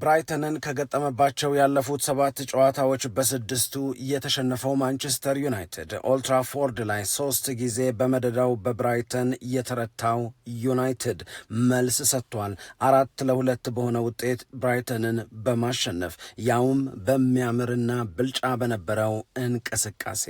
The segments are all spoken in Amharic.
ብራይተንን ከገጠመባቸው ያለፉት ሰባት ጨዋታዎች በስድስቱ የተሸነፈው ማንቸስተር ዩናይትድ ኦልትራፎርድ ላይ ሶስት ጊዜ በመደዳው በብራይተን የተረታው ዩናይትድ መልስ ሰጥቷል። አራት ለሁለት በሆነ ውጤት ብራይተንን በማሸነፍ ያውም በሚያምርና ብልጫ በነበረው እንቅስቃሴ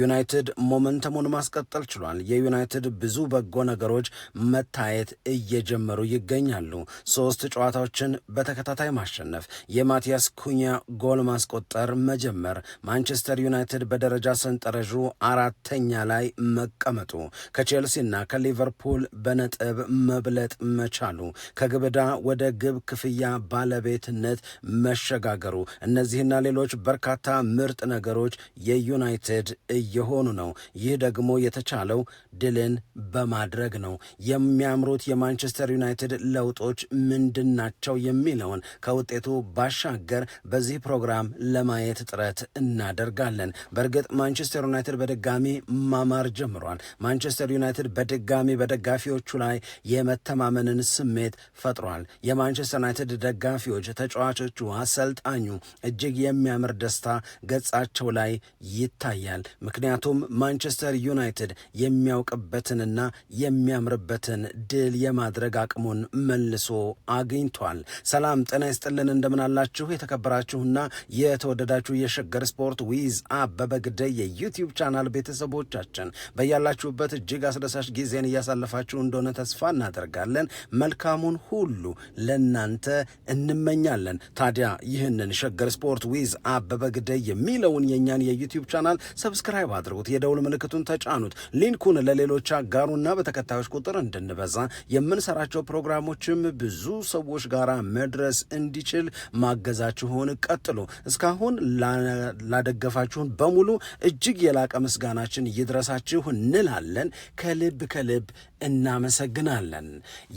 ዩናይትድ ሞመንተሙን ማስቀጠል ችሏል። የዩናይትድ ብዙ በጎ ነገሮች መታየት እየጀመሩ ይገኛሉ። ሶስት ጨዋታዎችን በተከታታይ ማሸ ማሸነፍ፣ የማቲያስ ኩኛ ጎል ማስቆጠር መጀመር፣ ማንቸስተር ዩናይትድ በደረጃ ሰንጠረዡ አራተኛ ላይ መቀመጡ፣ ከቼልሲና ከሊቨርፑል በነጥብ መብለጥ መቻሉ፣ ከግብዳ ወደ ግብ ክፍያ ባለቤትነት መሸጋገሩ፣ እነዚህና ሌሎች በርካታ ምርጥ ነገሮች የዩናይትድ እየሆኑ ነው። ይህ ደግሞ የተቻለው ድልን በማድረግ ነው። የሚያምሩት የማንቸስተር ዩናይትድ ለውጦች ምንድናቸው የሚለውን ከ ከውጤቱ ባሻገር በዚህ ፕሮግራም ለማየት ጥረት እናደርጋለን። በእርግጥ ማንቸስተር ዩናይትድ በድጋሚ ማማር ጀምሯል። ማንቸስተር ዩናይትድ በድጋሚ በደጋፊዎቹ ላይ የመተማመንን ስሜት ፈጥሯል። የማንቸስተር ዩናይትድ ደጋፊዎች፣ ተጫዋቾቹ፣ አሰልጣኙ እጅግ የሚያምር ደስታ ገጻቸው ላይ ይታያል። ምክንያቱም ማንቸስተር ዩናይትድ የሚያውቅበትንና የሚያምርበትን ድል የማድረግ አቅሙን መልሶ አግኝቷል። ሰላም ጤና ይስጥልን እንደምን አላችሁ የተከበራችሁና የተወደዳችሁ የሸገር ስፖርት ዊዝ አበበ ግደይ የዩቲዩብ ቻናል ቤተሰቦቻችን በያላችሁበት እጅግ አስደሳች ጊዜን እያሳለፋችሁ እንደሆነ ተስፋ እናደርጋለን። መልካሙን ሁሉ ለናንተ እንመኛለን። ታዲያ ይህንን ሸገር ስፖርት ዊዝ አበበ ግደይ የሚለውን የእኛን የዩቲዩብ ቻናል ሰብስክራይብ አድርጉት፣ የደውል ምልክቱን ተጫኑት፣ ሊንኩን ለሌሎች አጋሩና በተከታዮች ቁጥር እንድንበዛ የምንሰራቸው ፕሮግራሞችም ብዙ ሰዎች ጋር መድረስ እንዲ እንዲችል ማገዛችሁን ቀጥሉ። እስካሁን ላደገፋችሁን በሙሉ እጅግ የላቀ ምስጋናችን ይድረሳችሁ እንላለን። ከልብ ከልብ እናመሰግናለን።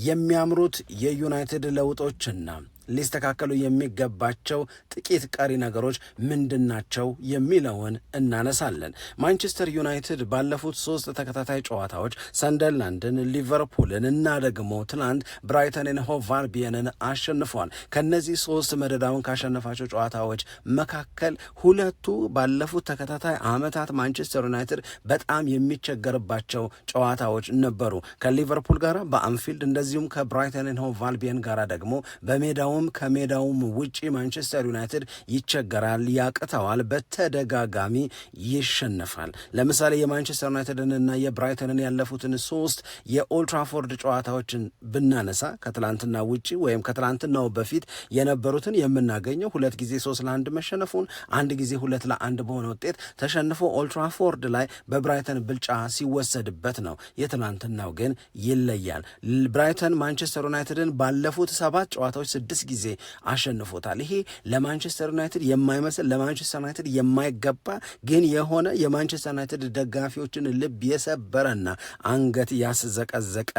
የሚያምሩት የዩናይትድ ለውጦችና ሊስተካከሉ የሚገባቸው ጥቂት ቀሪ ነገሮች ምንድናቸው የሚለውን እናነሳለን። ማንቸስተር ዩናይትድ ባለፉት ሶስት ተከታታይ ጨዋታዎች ሰንደርላንድን፣ ሊቨርፑልን እና ደግሞ ትናንት ብራይተንን ሆቭ አልቢየንን አሸንፏል። ከነዚህ ሶስት መደዳውን ካሸነፋቸው ጨዋታዎች መካከል ሁለቱ ባለፉት ተከታታይ ዓመታት ማንቸስተር ዩናይትድ በጣም የሚቸገርባቸው ጨዋታዎች ነበሩ። ከሊቨርፑል ጋር በአንፊልድ እንደዚሁም ከብራይተንን ሆቭ አልቢየን ጋር ደግሞ በሜዳው ከሜዳውም ከሜዳውም ውጪ ማንቸስተር ዩናይትድ ይቸገራል፣ ያቅተዋል፣ በተደጋጋሚ ይሸነፋል። ለምሳሌ የማንቸስተር ዩናይትድንና የብራይተንን ያለፉትን ሶስት የኦልትራፎርድ ጨዋታዎችን ብናነሳ ከትላንትና ውጪ ወይም ከትላንትናው በፊት የነበሩትን የምናገኘው ሁለት ጊዜ ሶስት ለአንድ መሸነፉን፣ አንድ ጊዜ ሁለት ለአንድ በሆነ ውጤት ተሸንፎ ኦልትራፎርድ ላይ በብራይተን ብልጫ ሲወሰድበት ነው። የትላንትናው ግን ይለያል። ብራይተን ማንቸስተር ዩናይትድን ባለፉት ሰባት ጨዋታዎች ስድስት ስድስት ጊዜ አሸንፎታል። ይሄ ለማንቸስተር ዩናይትድ የማይመስል ለማንቸስተር ዩናይትድ የማይገባ ግን የሆነ የማንቸስተር ዩናይትድ ደጋፊዎችን ልብ የሰበረና አንገት ያስዘቀዘቀ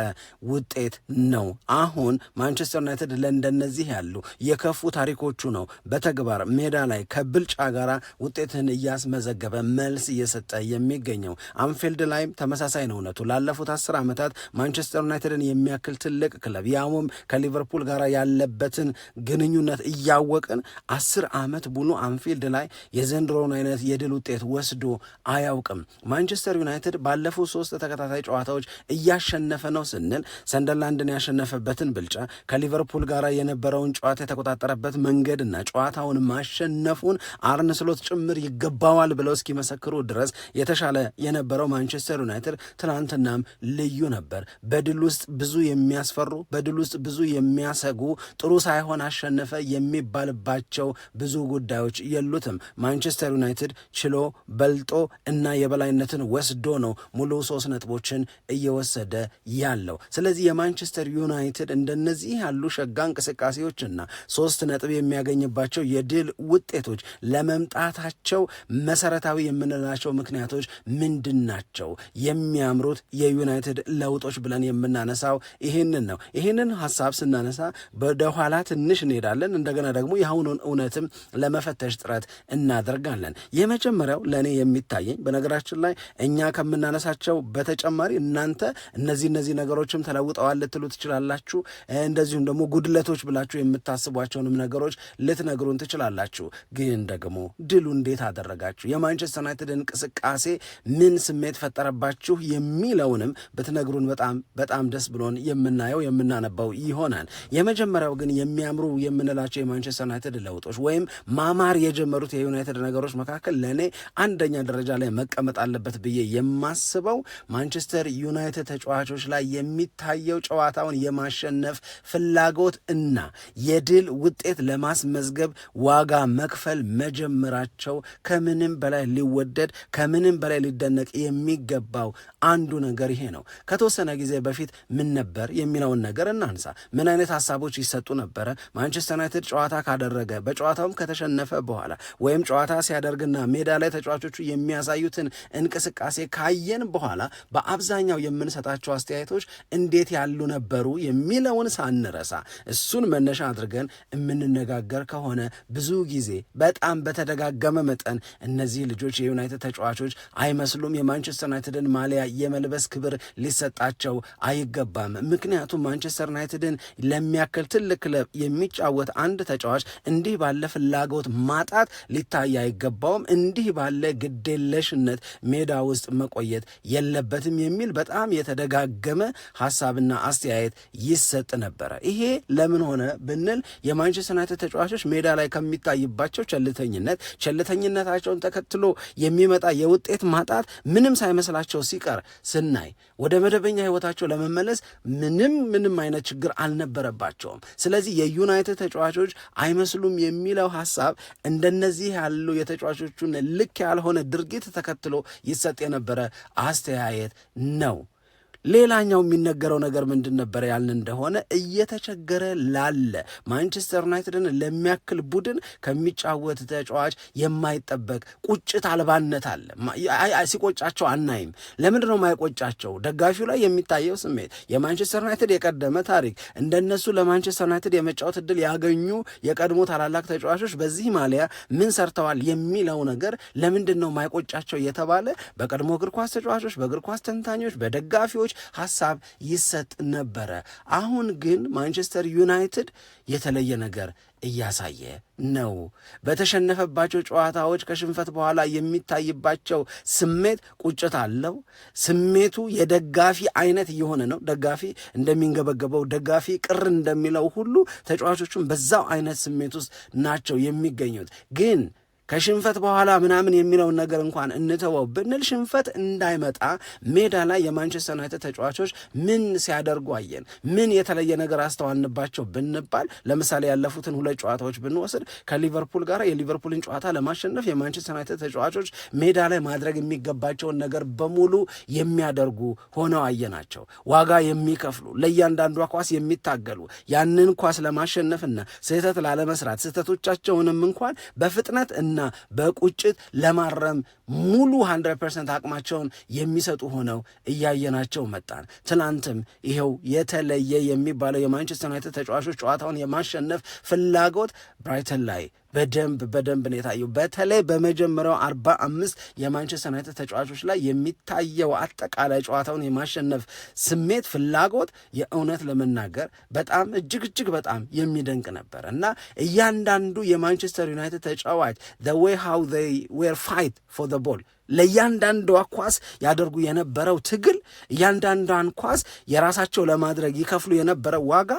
ውጤት ነው። አሁን ማንቸስተር ዩናይትድ ለእንደነዚህ ያሉ የከፉ ታሪኮቹ ነው በተግባር ሜዳ ላይ ከብልጫ ጋር ውጤትን እያስመዘገበ መልስ እየሰጠ የሚገኘው። አንፊልድ ላይም ተመሳሳይ ነው። እውነቱ ላለፉት አስር ዓመታት ማንቸስተር ዩናይትድን የሚያክል ትልቅ ክለብ ያውም ከሊቨርፑል ጋር ያለበትን ግንኙነት እያወቅን አስር ዓመት ቡኑ አንፊልድ ላይ የዘንድሮውን አይነት የድል ውጤት ወስዶ አያውቅም። ማንቸስተር ዩናይትድ ባለፉት ሶስት ተከታታይ ጨዋታዎች እያሸነፈ ነው ስንል ሰንደርላንድን ያሸነፈበትን ብልጫ ከሊቨርፑል ጋር የነበረውን ጨዋታ የተቆጣጠረበት መንገድና ጨዋታውን ማሸነፉን አርነ ስሎት ጭምር ይገባዋል ብለው እስኪመሰክሩ ድረስ የተሻለ የነበረው ማንቸስተር ዩናይትድ ትናንትናም ልዩ ነበር። በድል ውስጥ ብዙ የሚያስፈሩ በድል ውስጥ ብዙ የሚያሰጉ ጥሩ ሳይሆን ሳይሆን አሸነፈ የሚባልባቸው ብዙ ጉዳዮች የሉትም። ማንቸስተር ዩናይትድ ችሎ በልጦ እና የበላይነትን ወስዶ ነው ሙሉ ሶስት ነጥቦችን እየወሰደ ያለው። ስለዚህ የማንቸስተር ዩናይትድ እንደነዚህ ያሉ ሸጋ እንቅስቃሴዎችና ሶስት ነጥብ የሚያገኝባቸው የድል ውጤቶች ለመምጣታቸው መሰረታዊ የምንላቸው ምክንያቶች ምንድን ናቸው? የሚያምሩት የዩናይትድ ለውጦች ብለን የምናነሳው ይህንን ነው። ይህንን ሀሳብ ስናነሳ ወደኋላ ትንሽ እንሄዳለን። እንደገና ደግሞ የአሁኑን እውነትም ለመፈተሽ ጥረት እናደርጋለን። የመጀመሪያው ለእኔ የሚታየኝ በነገራችን ላይ እኛ ከምናነሳቸው በተጨማሪ እናንተ እነዚህ እነዚህ ነገሮችም ተለውጠዋል ልትሉ ትችላላችሁ። እንደዚሁም ደግሞ ጉድለቶች ብላችሁ የምታስቧቸውንም ነገሮች ልትነግሩን ትችላላችሁ። ግን ደግሞ ድሉ እንዴት አደረጋችሁ፣ የማንቸስተር ዩናይትድ እንቅስቃሴ ምን ስሜት ፈጠረባችሁ የሚለውንም ብትነግሩን በጣም በጣም ደስ ብሎን የምናየው የምናነባው ይሆናል። የመጀመሪያው ግን የሚ የሚያምሩ የምንላቸው የማንቸስተር ዩናይትድ ለውጦች ወይም ማማር የጀመሩት የዩናይትድ ነገሮች መካከል ለእኔ አንደኛ ደረጃ ላይ መቀመጥ አለበት ብዬ የማስበው ማንቸስተር ዩናይትድ ተጫዋቾች ላይ የሚታየው ጨዋታውን የማሸነፍ ፍላጎት እና የድል ውጤት ለማስመዝገብ ዋጋ መክፈል መጀመራቸው ከምንም በላይ ሊወደድ ከምንም በላይ ሊደነቅ የሚገባው አንዱ ነገር ይሄ ነው። ከተወሰነ ጊዜ በፊት ምን ነበር የሚለውን ነገር እናንሳ። ምን አይነት ሀሳቦች ይሰጡ ነበር? ነበረ። ማንቸስተር ዩናይትድ ጨዋታ ካደረገ በጨዋታውም ከተሸነፈ በኋላ ወይም ጨዋታ ሲያደርግና ሜዳ ላይ ተጫዋቾቹ የሚያሳዩትን እንቅስቃሴ ካየን በኋላ በአብዛኛው የምንሰጣቸው አስተያየቶች እንዴት ያሉ ነበሩ የሚለውን ሳንረሳ እሱን መነሻ አድርገን የምንነጋገር ከሆነ ብዙ ጊዜ በጣም በተደጋገመ መጠን እነዚህ ልጆች የዩናይትድ ተጫዋቾች አይመስሉም። የማንቸስተር ዩናይትድን ማሊያ የመልበስ ክብር ሊሰጣቸው አይገባም። ምክንያቱም ማንቸስተር ዩናይትድን ለሚያክል ትልቅ ክለብ የሚጫወት አንድ ተጫዋች እንዲህ ባለ ፍላጎት ማጣት ሊታይ አይገባውም። እንዲህ ባለ ግዴለሽነት ሜዳ ውስጥ መቆየት የለበትም የሚል በጣም የተደጋገመ ሀሳብና አስተያየት ይሰጥ ነበረ። ይሄ ለምን ሆነ ብንል የማንቸስተር ዩናይትድ ተጫዋቾች ሜዳ ላይ ከሚታይባቸው ቸልተኝነት ቸልተኝነታቸውን ተከትሎ የሚመጣ የውጤት ማጣት ምንም ሳይመስላቸው ሲቀር ስናይ ወደ መደበኛ ህይወታቸው ለመመለስ ምንም ምንም አይነት ችግር አልነበረባቸውም። ስለዚህ የዩናይትድ ተጫዋቾች አይመስሉም የሚለው ሀሳብ እንደነዚህ ያሉ የተጫዋቾቹን ልክ ያልሆነ ድርጊት ተከትሎ ይሰጥ የነበረ አስተያየት ነው። ሌላኛው የሚነገረው ነገር ምንድን ነበር ያልን እንደሆነ እየተቸገረ ላለ ማንቸስተር ዩናይትድን ለሚያክል ቡድን ከሚጫወት ተጫዋች የማይጠበቅ ቁጭት አልባነት አለ። ሲቆጫቸው አናይም። ለምንድን ነው ማይቆጫቸው? ደጋፊው ላይ የሚታየው ስሜት፣ የማንቸስተር ዩናይትድ የቀደመ ታሪክ፣ እንደነሱ ለማንቸስተር ዩናይትድ የመጫወት እድል ያገኙ የቀድሞ ታላላቅ ተጫዋቾች በዚህ ማሊያ ምን ሰርተዋል የሚለው ነገር ለምንድን ነው ማይቆጫቸው የተባለ በቀድሞ እግር ኳስ ተጫዋቾች፣ በእግር ኳስ ተንታኞች፣ በደጋፊዎች ሀሳብ ይሰጥ ነበረ። አሁን ግን ማንቸስተር ዩናይትድ የተለየ ነገር እያሳየ ነው። በተሸነፈባቸው ጨዋታዎች ከሽንፈት በኋላ የሚታይባቸው ስሜት ቁጭት አለው። ስሜቱ የደጋፊ አይነት እየሆነ ነው። ደጋፊ እንደሚንገበገበው፣ ደጋፊ ቅር እንደሚለው ሁሉ ተጫዋቾቹም በዛው አይነት ስሜት ውስጥ ናቸው የሚገኙት ግን ከሽንፈት በኋላ ምናምን የሚለውን ነገር እንኳን እንተወው ብንል ሽንፈት እንዳይመጣ ሜዳ ላይ የማንቸስተር ዩናይትድ ተጫዋቾች ምን ሲያደርጉ አየን? ምን የተለየ ነገር አስተዋልንባቸው ብንባል ለምሳሌ ያለፉትን ሁለት ጨዋታዎች ብንወስድ ከሊቨርፑል ጋር የሊቨርፑልን ጨዋታ ለማሸነፍ የማንቸስተር ዩናይትድ ተጫዋቾች ሜዳ ላይ ማድረግ የሚገባቸውን ነገር በሙሉ የሚያደርጉ ሆነው አየናቸው። ዋጋ የሚከፍሉ ለእያንዳንዷ ኳስ የሚታገሉ ያንን ኳስ ለማሸነፍና ስህተት ላለመስራት ስህተቶቻቸውንም እንኳን በፍጥነት በትዕግስትና በቁጭት ለማረም ሙሉ 100 አቅማቸውን የሚሰጡ ሆነው እያየናቸው መጣን። ትናንትም ይኸው የተለየ የሚባለው የማንቸስተር ዩናይትድ ተጫዋቾች ጨዋታውን የማሸነፍ ፍላጎት ብራይተን ላይ በደንብ በደንብ ነው የታየው። በተለይ በመጀመሪያው አርባ አምስት የማንቸስተር ዩናይትድ ተጫዋቾች ላይ የሚታየው አጠቃላይ ጨዋታውን የማሸነፍ ስሜት፣ ፍላጎት የእውነት ለመናገር በጣም እጅግ እጅግ በጣም የሚደንቅ ነበር እና እያንዳንዱ የማንቸስተር ዩናይትድ ተጫዋች ዘ ዌይ ሃው ዘይ ዌር ፋይት ፎር ዘ ቦል ለእያንዳንዷ ኳስ ያደርጉ የነበረው ትግል፣ እያንዳንዷን ኳስ የራሳቸው ለማድረግ ይከፍሉ የነበረው ዋጋ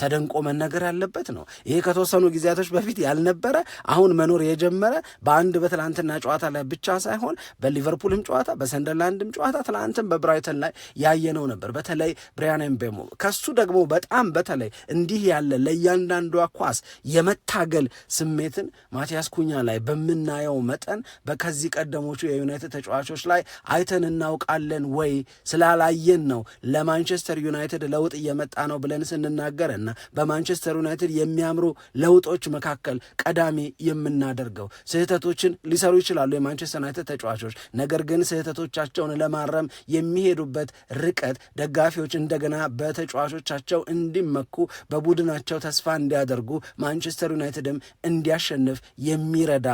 ተደንቆ መነገር ያለበት ነው። ይሄ ከተወሰኑ ጊዜያቶች በፊት ያልነበረ አሁን መኖር የጀመረ በአንድ በትላንትና ጨዋታ ላይ ብቻ ሳይሆን በሊቨርፑልም ጨዋታ በሰንደርላንድም ጨዋታ ትላንትም በብራይተን ላይ ያየነው ነበር። በተለይ ብሪያን ምቤሞ ከሱ ደግሞ በጣም በተለይ እንዲህ ያለ ለእያንዳንዷ ኳስ የመታገል ስሜትን ማቲያስ ኩኛ ላይ በምናየው መጠን በከዚህ ቀደሞቹ የዩናይትድ ተጫዋቾች ላይ አይተን እናውቃለን ወይ? ስላላየን ነው ለማንቸስተር ዩናይትድ ለውጥ እየመጣ ነው ብለን ስንናገር እና በማንቸስተር ዩናይትድ የሚያምሩ ለውጦች መካከል ቀዳሚ የምናደርገው ስህተቶችን ሊሰሩ ይችላሉ የማንቸስተር ዩናይትድ ተጫዋቾች። ነገር ግን ስህተቶቻቸውን ለማረም የሚሄዱበት ርቀት ደጋፊዎች እንደገና በተጫዋቾቻቸው እንዲመኩ፣ በቡድናቸው ተስፋ እንዲያደርጉ፣ ማንቸስተር ዩናይትድም እንዲያሸንፍ የሚረዳ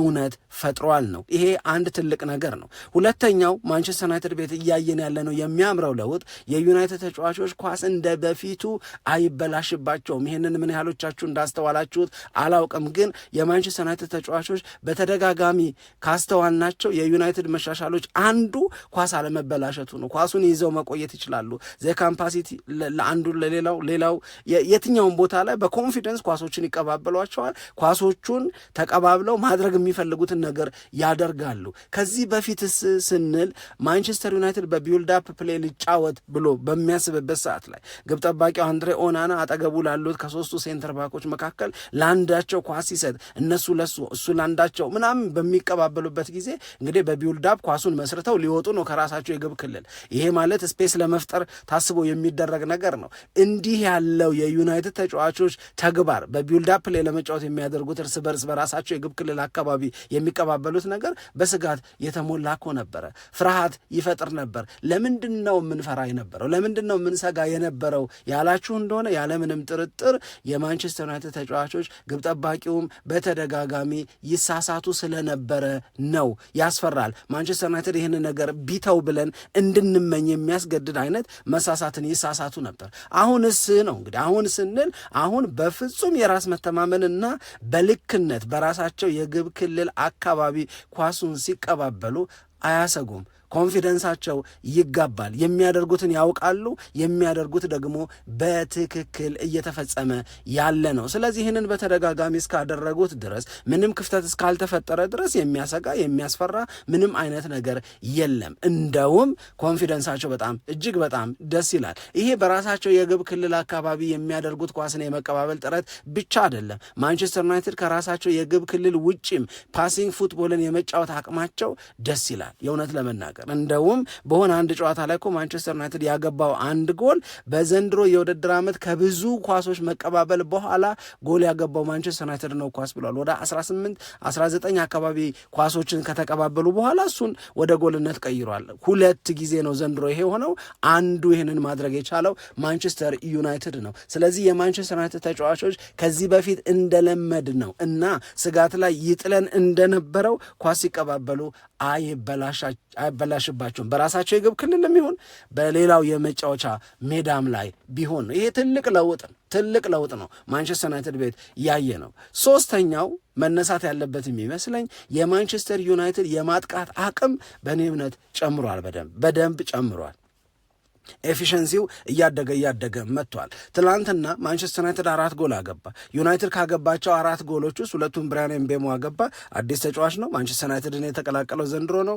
እውነት ፈጥሯል ነው። ይሄ አንድ ትልቅ ነገር ነው። ሁለተኛው ማንቸስተር ዩናይትድ ቤት እያየን ያለ ነው የሚያምረው ለውጥ የዩናይትድ ተጫዋቾች ኳስ እንደ በፊቱ አይበላሽባቸውም። ይህንን ምን ያህሎቻችሁ እንዳስተዋላችሁት አላውቅም፣ ግን የማንቸስተር ዩናይትድ ተጫዋቾች በተደጋጋሚ ካስተዋልናቸው የዩናይትድ መሻሻሎች አንዱ ኳስ አለመበላሸቱ ነው። ኳሱን ይዘው መቆየት ይችላሉ። ዘካምፓሲቲ ለአንዱ ለሌላው ሌላው የትኛውን ቦታ ላይ በኮንፊደንስ ኳሶችን ይቀባበሏቸዋል። ኳሶቹን ተቀባብለው ማድረግ የሚፈልጉትን ነገር ያደርጋሉ። ከዚህ በፊትስ ስንል ማንቸስተር ዩናይትድ በቢውልድ አፕ ፕሌ ልጫወት ብሎ በሚያስብበት ሰዓት ላይ ግብ ጠባቂው አንድሬ ኦናና አጠገቡ ላሉት ከሶስቱ ሴንተር ባኮች መካከል ለአንዳቸው ኳስ ሲሰጥ እነሱ ለሱ እሱ ለአንዳቸው ምናምን በሚቀባበሉበት ጊዜ እንግዲህ በቢውልድ አፕ ኳሱን መስርተው ሊወጡ ነው ከራሳቸው የግብ ክልል። ይሄ ማለት ስፔስ ለመፍጠር ታስቦ የሚደረግ ነገር ነው። እንዲህ ያለው የዩናይትድ ተጫዋቾች ተግባር በቢውልድ አፕ ላይ ለመጫወት የሚያደርጉት እርስ በርስ በራሳቸው የግብ ክልል አካባቢ አካባቢ የሚቀባበሉት ነገር በስጋት የተሞላ እኮ ነበረ። ፍርሃት ይፈጥር ነበር። ለምንድን ነው የምንፈራ የነበረው? ለምንድን ነው የምንሰጋ የነበረው ያላችሁ እንደሆነ ያለምንም ጥርጥር የማንቸስተር ዩናይትድ ተጫዋቾች ግብ ጠባቂውም በተደጋጋሚ ይሳሳቱ ስለነበረ ነው። ያስፈራል። ማንቸስተር ዩናይትድ ይህን ነገር ቢተው ብለን እንድንመኝ የሚያስገድድ አይነት መሳሳትን ይሳሳቱ ነበር። አሁንስ ነው እንግዲህ አሁን ስንል አሁን በፍጹም የራስ መተማመንና በልክነት በራሳቸው የግብ ክልል አካባቢ ኳሱን ሲቀባበሉ አያሰጉም። ኮንፊደንሳቸው ይጋባል። የሚያደርጉትን ያውቃሉ። የሚያደርጉት ደግሞ በትክክል እየተፈጸመ ያለ ነው። ስለዚህ ይህንን በተደጋጋሚ እስካደረጉት ድረስ ምንም ክፍተት እስካልተፈጠረ ድረስ የሚያሰጋ የሚያስፈራ ምንም አይነት ነገር የለም። እንደውም ኮንፊደንሳቸው በጣም እጅግ በጣም ደስ ይላል። ይሄ በራሳቸው የግብ ክልል አካባቢ የሚያደርጉት ኳስን የመቀባበል ጥረት ብቻ አይደለም። ማንቸስተር ዩናይትድ ከራሳቸው የግብ ክልል ውጭም ፓሲንግ ፉትቦልን የመጫወት አቅማቸው ደስ ይላል የእውነት ለመናገር በስተቀር እንደውም በሆነ አንድ ጨዋታ ላይ እኮ ማንቸስተር ዩናይትድ ያገባው አንድ ጎል በዘንድሮ የውድድር ዓመት ከብዙ ኳሶች መቀባበል በኋላ ጎል ያገባው ማንቸስተር ዩናይትድ ነው ኳስ ብሏል። ወደ 18 19 አካባቢ ኳሶችን ከተቀባበሉ በኋላ እሱን ወደ ጎልነት ቀይሯል። ሁለት ጊዜ ነው ዘንድሮ ይሄ የሆነው። አንዱ ይህንን ማድረግ የቻለው ማንቸስተር ዩናይትድ ነው። ስለዚህ የማንቸስተር ዩናይትድ ተጫዋቾች ከዚህ በፊት እንደለመድ ነው እና ስጋት ላይ ይጥለን እንደነበረው ኳስ ሲቀባበሉ አይበላሻ አይበላሽባቸውም። በራሳቸው የግብ ክልል የሚሆን በሌላው የመጫወቻ ሜዳም ላይ ቢሆን ነው። ይሄ ትልቅ ለውጥ ነው፣ ትልቅ ለውጥ ነው። ማንቸስተር ዩናይትድ ቤት ያየ ነው። ሶስተኛው መነሳት ያለበት የሚመስለኝ የማንቸስተር ዩናይትድ የማጥቃት አቅም በእኔ እምነት ጨምሯል፣ በደንብ በደንብ ጨምሯል። ኤፊሽንሲው እያደገ እያደገ መጥቷል። ትናንትና ማንቸስተር ዩናይትድ አራት ጎል አገባ። ዩናይትድ ካገባቸው አራት ጎሎች ውስጥ ሁለቱን ብራያን ኤምቤሞ አገባ። አዲስ ተጫዋች ነው። ማንቸስተር ዩናይትድን የተቀላቀለው ዘንድሮ ነው።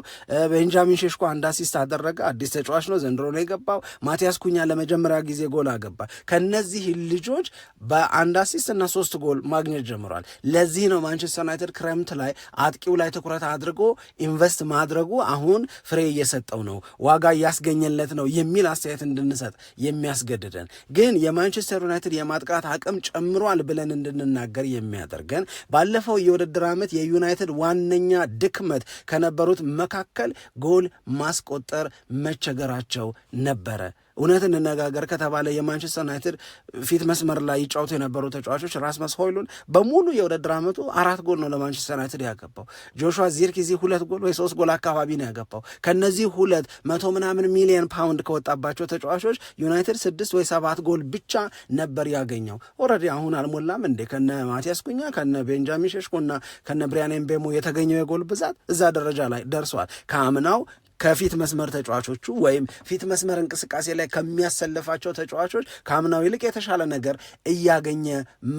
ቤንጃሚን ሼሽኮ አንድ አሲስት አደረገ። አዲስ ተጫዋች ነው። ዘንድሮ ነው የገባው። ማቲያስ ኩኛ ለመጀመሪያ ጊዜ ጎል አገባ። ከነዚህ ልጆች በአንድ አሲስት እና ሶስት ጎል ማግኘት ጀምሯል። ለዚህ ነው ማንቸስተር ዩናይትድ ክረምት ላይ አጥቂው ላይ ትኩረት አድርጎ ኢንቨስት ማድረጉ አሁን ፍሬ እየሰጠው ነው፣ ዋጋ እያስገኘለት ነው የሚል አስተያየት እንድንሰጥ የሚያስገድደን ግን የማንቸስተር ዩናይትድ የማጥቃት አቅም ጨምሯል ብለን እንድንናገር የሚያደርገን ባለፈው የውድድር ዓመት የዩናይትድ ዋነኛ ድክመት ከነበሩት መካከል ጎል ማስቆጠር መቸገራቸው ነበረ። እውነት እንነጋገር ከተባለ የማንቸስተር ዩናይትድ ፊት መስመር ላይ ይጫወቱ የነበሩ ተጫዋቾች ራስመስ ሆይሉን በሙሉ የውድድር ዓመቱ አራት ጎል ነው ለማንቸስተር ዩናይትድ ያገባው። ጆሹዋ ዚርክዚ ሁለት ጎል ወይ ሶስት ጎል አካባቢ ነው ያገባው። ከነዚህ ሁለት መቶ ምናምን ሚሊዮን ፓውንድ ከወጣባቸው ተጫዋቾች ዩናይትድ ስድስት ወይ ሰባት ጎል ብቻ ነበር ያገኘው። ኦልሬዲ አሁን አልሞላም እንዴ ከነ ማቲያስ ኩኛ ከነ ቤንጃሚን ሸሽኮና ከነ ብሪያን ምቤሞ የተገኘው የጎል ብዛት እዛ ደረጃ ላይ ደርሷል። ከአምናው ከፊት መስመር ተጫዋቾቹ ወይም ፊት መስመር እንቅስቃሴ ላይ ከሚያሰልፋቸው ተጫዋቾች ከአምናው ይልቅ የተሻለ ነገር እያገኘ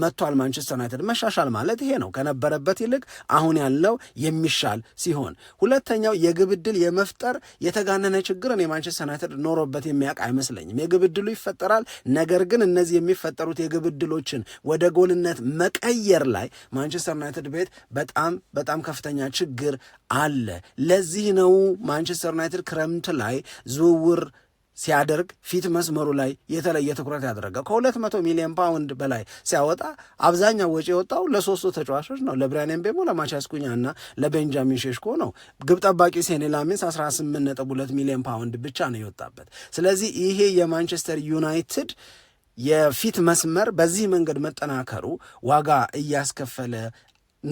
መጥቷል። ማንቸስተር ዩናይትድ መሻሻል ማለት ይሄ ነው። ከነበረበት ይልቅ አሁን ያለው የሚሻል ሲሆን፣ ሁለተኛው የግብ ዕድል የመፍጠር የተጋነነ ችግርን የማንቸስተር ዩናይትድ ኖሮበት የሚያውቅ አይመስለኝም። የግብ ዕድሉ ይፈጠራል፣ ነገር ግን እነዚህ የሚፈጠሩት የግብ ዕድሎችን ወደ ጎልነት መቀየር ላይ ማንቸስተር ዩናይትድ ቤት በጣም በጣም ከፍተኛ ችግር አለ። ለዚህ ነው ማንቸስተር ማንቸስተር ዩናይትድ ክረምት ላይ ዝውውር ሲያደርግ ፊት መስመሩ ላይ የተለየ ትኩረት ያደረገ ከ መቶ ሚሊዮን ፓውንድ በላይ ሲያወጣ አብዛኛው ወጪ የወጣው ለሶስቱ ተጫዋቾች ነው። ለብሪያን ምቤሞ፣ ለማቲያስ ኩኛ እና ለቤንጃሚን ሼሽኮ ነው። ግብ ጠባቂ ሴኒ ላሚንስ 18.2 ሚሊዮን ፓውንድ ብቻ ነው የወጣበት። ስለዚህ ይሄ የማንቸስተር ዩናይትድ የፊት መስመር በዚህ መንገድ መጠናከሩ ዋጋ እያስከፈለ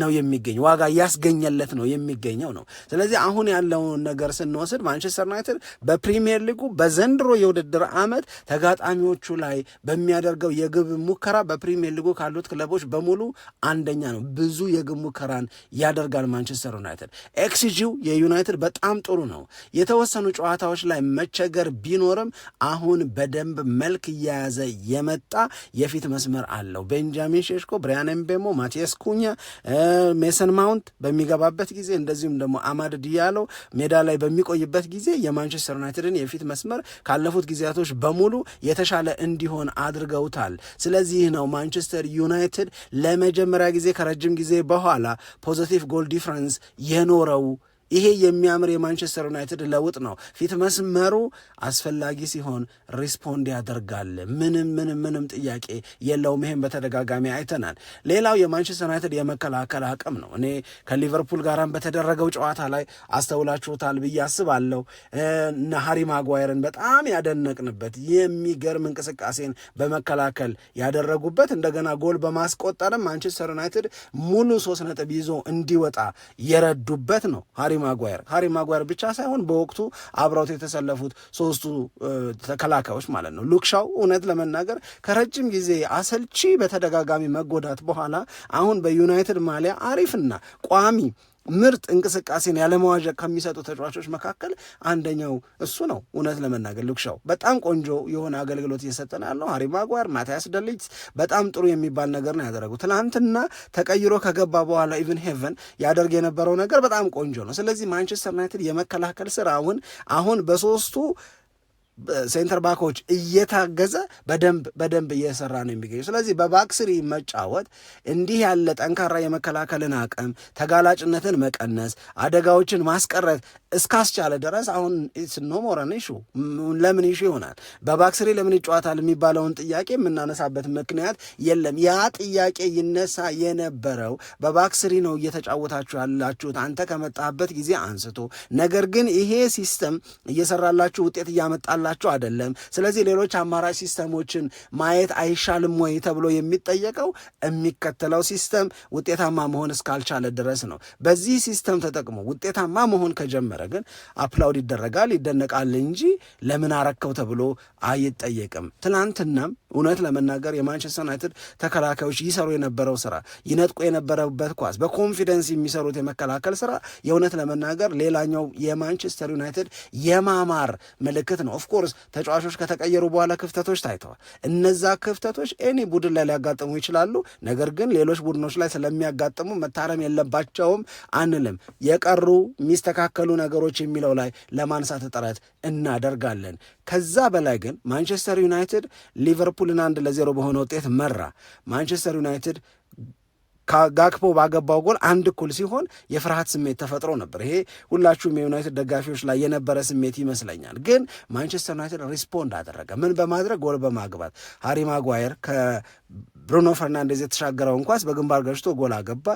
ነው የሚገኝ ዋጋ እያስገኘለት ነው የሚገኘው ነው። ስለዚህ አሁን ያለውን ነገር ስንወስድ ማንቸስተር ዩናይትድ በፕሪሚየር ሊጉ በዘንድሮ የውድድር ዓመት ተጋጣሚዎቹ ላይ በሚያደርገው የግብ ሙከራ በፕሪሚየር ሊጉ ካሉት ክለቦች በሙሉ አንደኛ ነው። ብዙ የግብ ሙከራን ያደርጋል ማንቸስተር ዩናይትድ። ኤክስጂው የዩናይትድ በጣም ጥሩ ነው። የተወሰኑ ጨዋታዎች ላይ መቸገር ቢኖርም አሁን በደንብ መልክ እየያዘ የመጣ የፊት መስመር አለው። ቤንጃሚን ሼሽኮ፣ ብሪያን ምቤሞ፣ ማቲያስ ኩኛ ሜሰን ማውንት በሚገባበት ጊዜ እንደዚሁም ደግሞ አማድ ዲያሎ ሜዳ ላይ በሚቆይበት ጊዜ የማንቸስተር ዩናይትድን የፊት መስመር ካለፉት ጊዜያቶች በሙሉ የተሻለ እንዲሆን አድርገውታል። ስለዚህ ነው ማንቸስተር ዩናይትድ ለመጀመሪያ ጊዜ ከረጅም ጊዜ በኋላ ፖዘቲቭ ጎል ዲፍረንስ የኖረው ይሄ የሚያምር የማንቸስተር ዩናይትድ ለውጥ ነው። ፊት መስመሩ አስፈላጊ ሲሆን ሪስፖንድ ያደርጋል። ምንም ምንም ምንም ጥያቄ የለውም። ይሄን በተደጋጋሚ አይተናል። ሌላው የማንቸስተር ዩናይትድ የመከላከል አቅም ነው። እኔ ከሊቨርፑል ጋራም በተደረገው ጨዋታ ላይ አስተውላችሁታል ብዬ አስባለሁ እነ ሃሪ ማጓየርን በጣም ያደነቅንበት የሚገርም እንቅስቃሴን በመከላከል ያደረጉበት እንደገና ጎል በማስቆጠርም ማንቸስተር ዩናይትድ ሙሉ ሶስት ነጥብ ይዞ እንዲወጣ የረዱበት ነው ሃሪ ማጓየር ሃሪ ማጓየር ብቻ ሳይሆን በወቅቱ አብረውት የተሰለፉት ሶስቱ ተከላካዮች ማለት ነው። ሉክሻው እውነት ለመናገር ከረጅም ጊዜ አሰልቺ በተደጋጋሚ መጎዳት በኋላ አሁን በዩናይትድ ማሊያ አሪፍና ቋሚ ምርጥ እንቅስቃሴን ያለመዋዣ ከሚሰጡ ተጫዋቾች መካከል አንደኛው እሱ ነው። እውነት ለመናገር ልክሻው በጣም ቆንጆ የሆነ አገልግሎት እየሰጠ ነው ያለው። ሃሪ ማጓር፣ ማቲያስ ደሊት በጣም ጥሩ የሚባል ነገር ነው ያደረጉ። ትናንትና ተቀይሮ ከገባ በኋላ ኢቨን ሄቨን ያደርግ የነበረው ነገር በጣም ቆንጆ ነው። ስለዚህ ማንቸስተር ዩናይትድ የመከላከል ስራውን አሁን በሶስቱ ሴንተር ባኮች እየታገዘ በደንብ በደንብ እየሰራ ነው የሚገኘው። ስለዚህ በባክስሪ መጫወት እንዲህ ያለ ጠንካራ የመከላከልን አቅም ተጋላጭነትን መቀነስ አደጋዎችን ማስቀረት እስካስቻለ ድረስ አሁን ስኖሞረን ሹ ለምን ይሹ ይሆናል በባክስሪ ለምን ይጫወታል የሚባለውን ጥያቄ የምናነሳበት ምክንያት የለም። ያ ጥያቄ ይነሳ የነበረው በባክስሪ ነው እየተጫወታችሁ ያላችሁት አንተ ከመጣበት ጊዜ አንስቶ ነገር ግን ይሄ ሲስተም እየሰራላችሁ ውጤት እያመጣላ እየሰራላቸው አይደለም። ስለዚህ ሌሎች አማራጭ ሲስተሞችን ማየት አይሻልም ወይ ተብሎ የሚጠየቀው የሚከተለው ሲስተም ውጤታማ መሆን እስካልቻለ ድረስ ነው። በዚህ ሲስተም ተጠቅሞ ውጤታማ መሆን ከጀመረ ግን አፕላውድ ይደረጋል፣ ይደነቃል እንጂ ለምን አረከው ተብሎ አይጠየቅም። ትናንትናም እውነት ለመናገር የማንቸስተር ዩናይትድ ተከላካዮች ይሰሩ የነበረው ስራ ይነጥቁ የነበረበት ኳስ በኮንፊደንስ የሚሰሩት የመከላከል ስራ የእውነት ለመናገር ሌላኛው የማንቸስተር ዩናይትድ የማማር ምልክት ነው። ኦፍኮርስ ተጫዋቾች ከተቀየሩ በኋላ ክፍተቶች ታይተዋል። እነዛ ክፍተቶች ኤኒ ቡድን ላይ ሊያጋጥሙ ይችላሉ። ነገር ግን ሌሎች ቡድኖች ላይ ስለሚያጋጥሙ መታረም የለባቸውም አንልም። የቀሩ የሚስተካከሉ ነገሮች የሚለው ላይ ለማንሳት ጥረት እናደርጋለን። ከዛ በላይ ግን ማንቸስተር ዩናይትድ ሊቨርፑልን አንድ ለዜሮ በሆነ ውጤት መራ። ማንቸስተር ዩናይትድ ጋክፖ ባገባው ጎል አንድ እኩል ሲሆን የፍርሃት ስሜት ተፈጥሮ ነበር። ይሄ ሁላችሁም የዩናይትድ ደጋፊዎች ላይ የነበረ ስሜት ይመስለኛል። ግን ማንቸስተር ዩናይትድ ሪስፖንድ አደረገ። ምን በማድረግ ጎል በማግባት ሃሪ ማጓየር ከብሩኖ ፈርናንዴዝ የተሻገረውን ኳስ በግንባር ገጭቶ ጎል አገባ።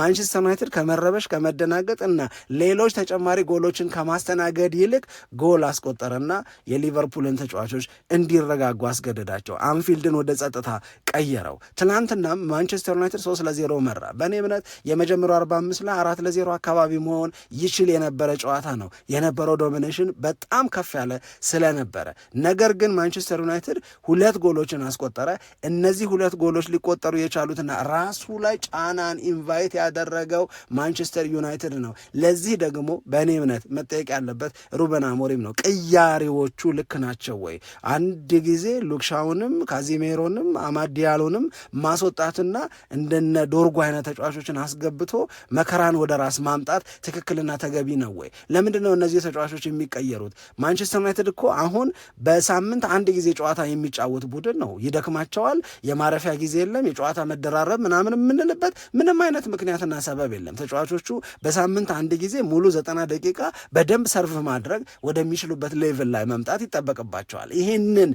ማንቸስተር ዩናይትድ ከመረበሽ ከመደናገጥ እና ሌሎች ተጨማሪ ጎሎችን ከማስተናገድ ይልቅ ጎል አስቆጠረና የሊቨርፑልን ተጫዋቾች እንዲረጋጉ አስገደዳቸው። አንፊልድን ወደ ጸጥታ ቀየረው። ትናንትና ማንቸስተር ዩናይትድ ሶስት ለዜሮ ጨዋታው መራ። በእኔ እምነት የመጀመሪያው 45 ላይ አራት ለዜሮ አካባቢ መሆን ይችል የነበረ ጨዋታ ነው። የነበረው ዶሚኔሽን በጣም ከፍ ያለ ስለነበረ፣ ነገር ግን ማንቸስተር ዩናይትድ ሁለት ጎሎችን አስቆጠረ። እነዚህ ሁለት ጎሎች ሊቆጠሩ የቻሉትና ራሱ ላይ ጫናን ኢንቫይት ያደረገው ማንቸስተር ዩናይትድ ነው። ለዚህ ደግሞ በእኔ እምነት መጠየቅ ያለበት ሩበን አሞሪም ነው። ቅያሬዎቹ ልክ ናቸው ወይ? አንድ ጊዜ ሉክሻውንም ካዚሜሮንም አማዲያሎንም ማስወጣትና እንደነ ዶርጉ አይነት ተጫዋቾችን አስገብቶ መከራን ወደ ራስ ማምጣት ትክክልና ተገቢ ነው ወይ? ለምንድን ነው እነዚህ ተጫዋቾች የሚቀየሩት? ማንቸስተር ዩናይትድ እኮ አሁን በሳምንት አንድ ጊዜ ጨዋታ የሚጫወት ቡድን ነው። ይደክማቸዋል። የማረፊያ ጊዜ የለም። የጨዋታ መደራረብ ምናምን የምንልበት ምንም አይነት ምክንያትና ሰበብ የለም። ተጫዋቾቹ በሳምንት አንድ ጊዜ ሙሉ ዘጠና ደቂቃ በደንብ ሰርቭ ማድረግ ወደሚችሉበት ሌቭል ላይ መምጣት ይጠበቅባቸዋል። ይህንን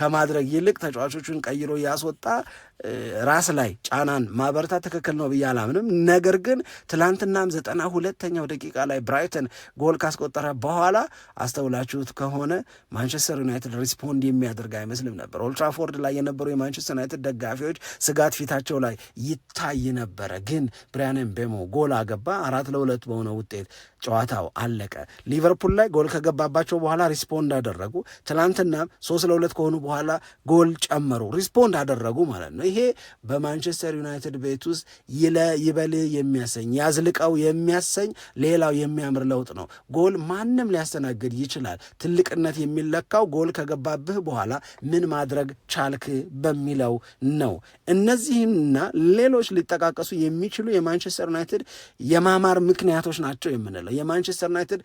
ከማድረግ ይልቅ ተጫዋቾቹን ቀይሮ ያስወጣ ራስ ላይ ጫናን ማበረታት ትክክል ነው ብዬ አላምንም። ነገር ግን ትላንትናም ዘጠና ሁለተኛው ደቂቃ ላይ ብራይተን ጎል ካስቆጠረ በኋላ አስተውላችሁት ከሆነ ማንቸስተር ዩናይትድ ሪስፖንድ የሚያደርግ አይመስልም ነበር። ኦልትራፎርድ ላይ የነበሩ የማንቸስተር ዩናይትድ ደጋፊዎች ስጋት ፊታቸው ላይ ይታይ ነበረ። ግን ብሪያን ምቤሞ ጎል አገባ። አራት ለሁለት በሆነ ውጤት ጨዋታው አለቀ። ሊቨርፑል ላይ ጎል ከገባባቸው በኋላ ሪስፖንድ አደረጉ። ትናንትና ሶስት ለሁለት ከሆኑ በኋላ ጎል ጨመሩ፣ ሪስፖንድ አደረጉ ማለት ነው። ይሄ በማንቸስተር ዩናይትድ ቤት ውስጥ ይለ ይበል የሚያሰኝ ያዝልቀው የሚያሰኝ ሌላው የሚያምር ለውጥ ነው። ጎል ማንም ሊያስተናግድ ይችላል። ትልቅነት የሚለካው ጎል ከገባብህ በኋላ ምን ማድረግ ቻልክ በሚለው ነው። እነዚህና ሌሎች ሊጠቃቀሱ የሚችሉ የማንቸስተር ዩናይትድ የማማር ምክንያቶች ናቸው የምንለው አስባለሁ። የማንቸስተር ዩናይትድ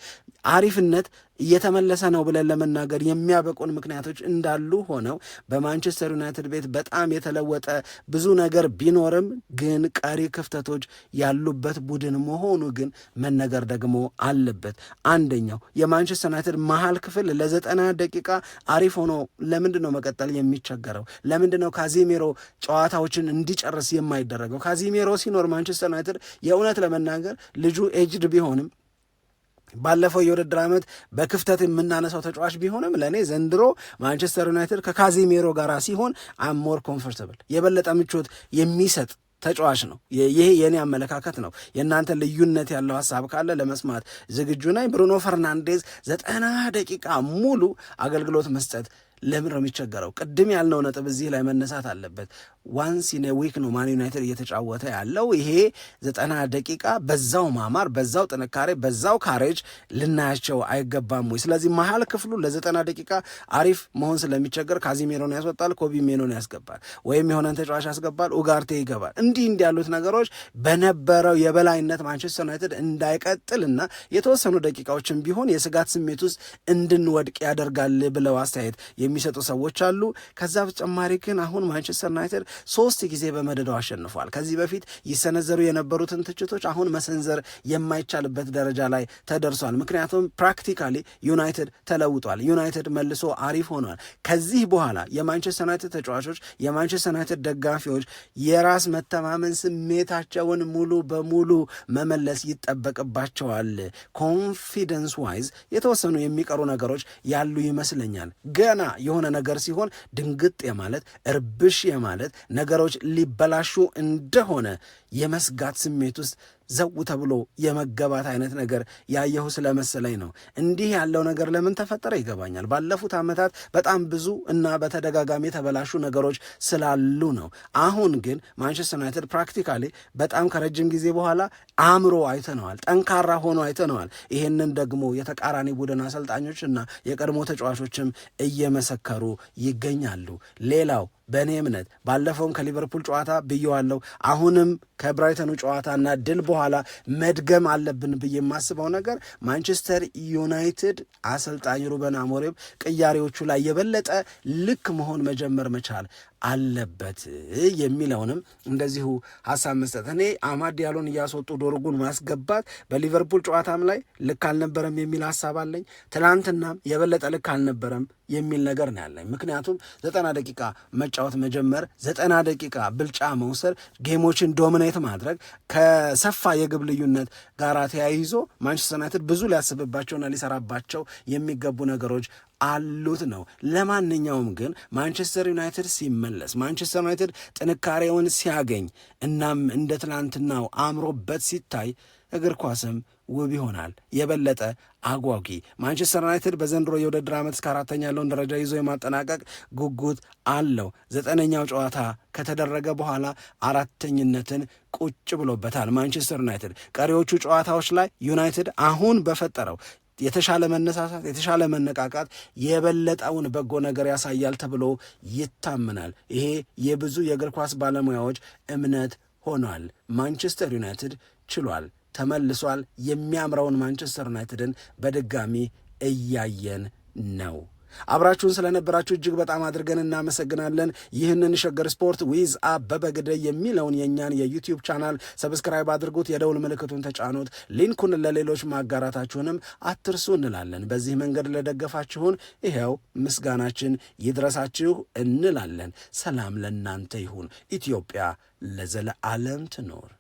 አሪፍነት እየተመለሰ ነው ብለን ለመናገር የሚያበቁን ምክንያቶች እንዳሉ ሆነው በማንቸስተር ዩናይትድ ቤት በጣም የተለወጠ ብዙ ነገር ቢኖርም ግን ቀሪ ክፍተቶች ያሉበት ቡድን መሆኑ ግን መነገር ደግሞ አለበት። አንደኛው የማንቸስተር ዩናይትድ መሀል ክፍል ለዘጠና ደቂቃ አሪፍ ሆኖ ለምንድን ነው መቀጠል የሚቸገረው? ለምንድን ነው ካዚሜሮ ጨዋታዎችን እንዲጨርስ የማይደረገው? ካዚሜሮ ሲኖር ማንቸስተር ዩናይትድ የእውነት ለመናገር ልጁ ኤጅድ ቢሆንም ባለፈው የውድድር ዓመት በክፍተት የምናነሳው ተጫዋች ቢሆንም ለእኔ ዘንድሮ ማንቸስተር ዩናይትድ ከካዚሜሮ ጋር ሲሆን አሞር ኮምፎርታብል የበለጠ ምቾት የሚሰጥ ተጫዋች ነው። ይሄ የእኔ አመለካከት ነው። የእናንተ ልዩነት ያለው ሀሳብ ካለ ለመስማት ዝግጁ ነኝ። ብሩኖ ፈርናንዴዝ ዘጠና ደቂቃ ሙሉ አገልግሎት መስጠት ለምን ነው የሚቸገረው? ቅድም ያልነው ነጥብ እዚህ ላይ መነሳት አለበት። ዋንስ ኢን ዊክ ነው ማን ዩናይትድ እየተጫወተ ያለው። ይሄ ዘጠና ደቂቃ በዛው ማማር፣ በዛው ጥንካሬ፣ በዛው ካሬጅ ልናያቸው አይገባም ወይ? ስለዚህ መሀል ክፍሉ ለዘጠና ደቂቃ አሪፍ መሆን ስለሚቸገር ካዚሜሮን ያስወጣል፣ ኮቢ ሜኖን ያስገባል፣ ወይም የሆነን ተጫዋች ያስገባል፣ ኡጋርቴ ይገባል። እንዲህ እንዲህ ያሉት ነገሮች በነበረው የበላይነት ማንቸስተር ዩናይትድ እንዳይቀጥል እንዳይቀጥልና የተወሰኑ ደቂቃዎችን ቢሆን የስጋት ስሜት ውስጥ እንድንወድቅ ያደርጋል ብለው አስተያየት የሚሰጡ ሰዎች አሉ። ከዛ በተጨማሪ ግን አሁን ማንቸስተር ዩናይትድ ሶስት ጊዜ በመደዳው አሸንፏል። ከዚህ በፊት ይሰነዘሩ የነበሩትን ትችቶች አሁን መሰንዘር የማይቻልበት ደረጃ ላይ ተደርሷል። ምክንያቱም ፕራክቲካሊ ዩናይትድ ተለውጧል። ዩናይትድ መልሶ አሪፍ ሆኗል። ከዚህ በኋላ የማንቸስተር ዩናይትድ ተጫዋቾች፣ የማንቸስተር ዩናይትድ ደጋፊዎች የራስ መተማመን ስሜታቸውን ሙሉ በሙሉ መመለስ ይጠበቅባቸዋል። ኮንፊደንስ ዋይዝ የተወሰኑ የሚቀሩ ነገሮች ያሉ ይመስለኛል። ገና የሆነ ነገር ሲሆን ድንግጥ የማለት እርብሽ የማለት ነገሮች ሊበላሹ እንደሆነ የመስጋት ስሜት ውስጥ ዘው ተብሎ የመገባት አይነት ነገር ያየሁ ስለመሰለኝ ነው። እንዲህ ያለው ነገር ለምን ተፈጠረ ይገባኛል። ባለፉት ዓመታት በጣም ብዙ እና በተደጋጋሚ የተበላሹ ነገሮች ስላሉ ነው። አሁን ግን ማንቸስተር ዩናይትድ ፕራክቲካሊ በጣም ከረጅም ጊዜ በኋላ አምሮ አይተነዋል፣ ጠንካራ ሆኖ አይተነዋል። ይህንን ደግሞ የተቃራኒ ቡድን አሰልጣኞች እና የቀድሞ ተጫዋቾችም እየመሰከሩ ይገኛሉ። ሌላው በእኔ እምነት ባለፈውም ከሊቨርፑል ጨዋታ ብየዋለው አሁንም ከብራይተኑ ጨዋታና ድል በኋላ መድገም አለብን ብዬ የማስበው ነገር ማንቸስተር ዩናይትድ አሰልጣኝ ሩበን አሞሪም ቅያሬዎቹ ላይ የበለጠ ልክ መሆን መጀመር መቻል አለበት የሚለውንም እንደዚሁ ሀሳብ መስጠት። እኔ አማድ ያሉን እያስወጡ ዶርጉን ማስገባት በሊቨርፑል ጨዋታም ላይ ልክ አልነበረም የሚል ሀሳብ አለኝ። ትናንትናም የበለጠ ልክ አልነበረም የሚል ነገር ነው ያለኝ። ምክንያቱም ዘጠና ደቂቃ መጫወት መጀመር፣ ዘጠና ደቂቃ ብልጫ መውሰድ፣ ጌሞችን ዶሚኔት ማድረግ ከሰፋ የግብ ልዩነት ጋር ተያይዞ ማንቸስተር ዩናይትድ ብዙ ሊያስብባቸውና ሊሰራባቸው የሚገቡ ነገሮች አሉት ነው። ለማንኛውም ግን ማንቸስተር ዩናይትድ ሲመለስ፣ ማንቸስተር ዩናይትድ ጥንካሬውን ሲያገኝ፣ እናም እንደ ትናንትናው አምሮበት ሲታይ እግር ኳስም ውብ ይሆናል፣ የበለጠ አጓጊ። ማንቸስተር ዩናይትድ በዘንድሮ የውድድር ዓመት እስከ አራተኛ ያለውን ደረጃ ይዞ የማጠናቀቅ ጉጉት አለው። ዘጠነኛው ጨዋታ ከተደረገ በኋላ አራተኝነትን ቁጭ ብሎበታል ማንቸስተር ዩናይትድ። ቀሪዎቹ ጨዋታዎች ላይ ዩናይትድ አሁን በፈጠረው የተሻለ መነሳሳት፣ የተሻለ መነቃቃት፣ የበለጠውን በጎ ነገር ያሳያል ተብሎ ይታመናል። ይሄ የብዙ የእግር ኳስ ባለሙያዎች እምነት ሆኗል። ማንቸስተር ዩናይትድ ችሏል፣ ተመልሷል። የሚያምረውን ማንቸስተር ዩናይትድን በድጋሚ እያየን ነው። አብራችሁን ስለነበራችሁ እጅግ በጣም አድርገን እናመሰግናለን። ይህንን ሸገር ስፖርት ዊዝ አበበ ግደይ የሚለውን የእኛን የዩቲዩብ ቻናል ሰብስክራይብ አድርጉት፣ የደውል ምልክቱን ተጫኑት፣ ሊንኩን ለሌሎች ማጋራታችሁንም አትርሱ እንላለን። በዚህ መንገድ ለደገፋችሁን ይኸው ምስጋናችን ይድረሳችሁ እንላለን። ሰላም ለእናንተ ይሁን። ኢትዮጵያ ለዘለዓለም ትኖር።